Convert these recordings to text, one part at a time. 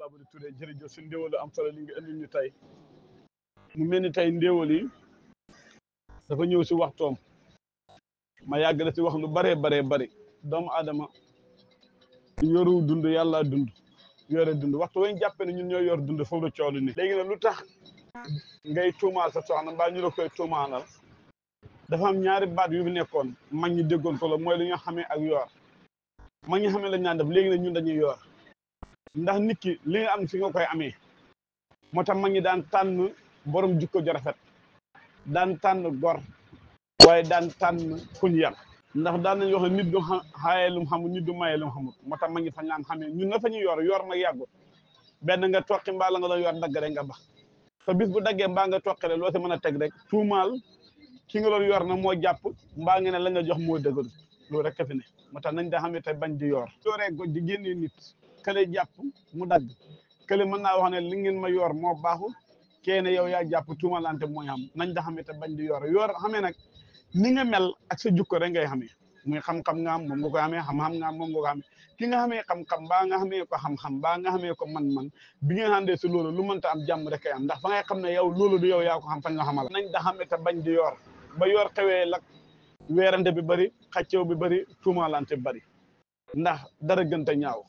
Babouri Touré jërëjëf si ndéwalu am solo li nga indil ñu tey mu mel ni tey ndéwal yi dafa ñëw si waxtoom ma yàgg na si wax lu baree baree bari doomu aadama yoru dund yàlla dund yore dund waxtu wañ jàppe na ñun ñoo yor dund foofu la coono ni léegi nag lu tax ngay tuumaa sa soxna mbaa ñu la koy dafa am ñaari baat yu nekkoon mag ñi déggoon ko la mooy lu ñu xamee ak yoor mag ñi xamee lañ naan def léegi nag ñun dañuy yoor ndax nit ki li am fi nga koy amee moo tax mag ñi daan tànn borom jikko ju rafet daan tànn gor waaye daan tànn kuñ yar ndax daan nañ wax ne nit du xaaye lum xamul nit du maye lum xamul moo tax mag ñi fañ laan xamee ñun na fa ñu yor yor ma yàggu benn nga toqi mbaal la nga doon yor dagg rek nga bax te bis bu daggee mbaa nga toqire loo si mën a teg rek tuumaal ki nga doon yor na moo jàpp mbaa nga ne la nga jox moo dëgëru loolu rek a fi ne moo tax nañ daa xam ne tey bañ di yoor e ko di génnee nit kële jàpp mu dagg kële mën naa wax ne li ngeen ma yoor moo baaxul kee ne yow yaa jàpp tuumalante mooy am nañ da xam ne tey bañ di yoor yoor xamee nag ni nga mel ak jukko rek ngay xamee muy xam-xam nga am moom nga ko xamee xam-xam nga am ki nga xamee xam-xam baa nga xamee ko xam baa nga xamee ko man-man bi nga àndee si loolu lu mënta am jàmm rek kay am ndax fa ngay xam ne yow loolu du yow yaa ko xam la xamal nañ da xam ne te bañ di yoor ba yoor xewee lak weerante bi bëri xàccew bi bari tuumaalante bi bari ndax dara gënta ñaaw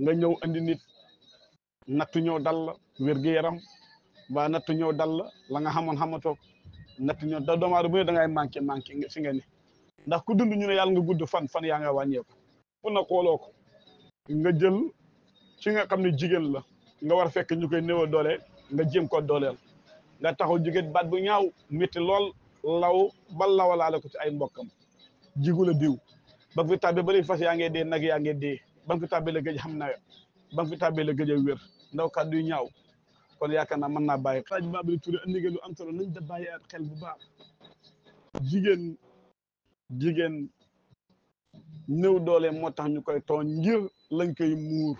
nga ñëw andi nit nattu ñëw dal la wér-gu-yaram waa nattu ñëw dal la la nga xamoon xamatoo nattu ñëw da doomu aadama bu ne da ngay manqué manqué fi nga ne ndax ku dund ñu ne yàlla nga gudd fan fan yaa nga wàññeeku fu na xooloo ko nga jël ci nga xam ne jigéen la nga war fekk ñu koy néew doole nga jéem ko dooleel nga taxaw jigéen baat bu ñaaw miti lool law ba lawalaale ko ci ay mbokkam jigula diw ba fi tàbbi ba fas ya ngee dee nag ya ngee dee ba fi tàbbi la gëj xam na ya. ba fi tàbbi la gëj a ndaw kàddu ñaaw kon yaakaar man na baye xaj ma turu andi gelu am solo nañ da baye at xel bu baax jigen jigen new doole tax ngir lañ koy mur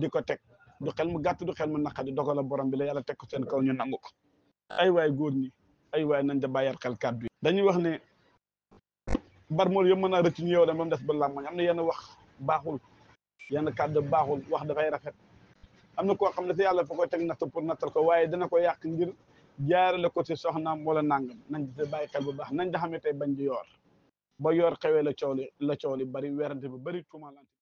di tek du xel mu gatt du xel mu naqadi dogal a borom bi la yalla tek ko sen kaw ñu nanguko ay way goor ni ay way nañ da bàyyi xel kaddu dañuy wax ne mool yëpp mën naa rëcc ñu yow dem ba mu des ba làmmañ am na yenn wax baaxul yenn kàddu baaxul wax dafay rafet am na ko xam ne si yàlla fa koy teg natt pour nattal ko waaye dana ko yàq ngir jaarale ko ci soxnaam wala nangam nañ di bàyyi xel bu baax nañ da xamee tey bañ di yoor ba yoor xewee la coow la coow li bari werante bu bari tuumalante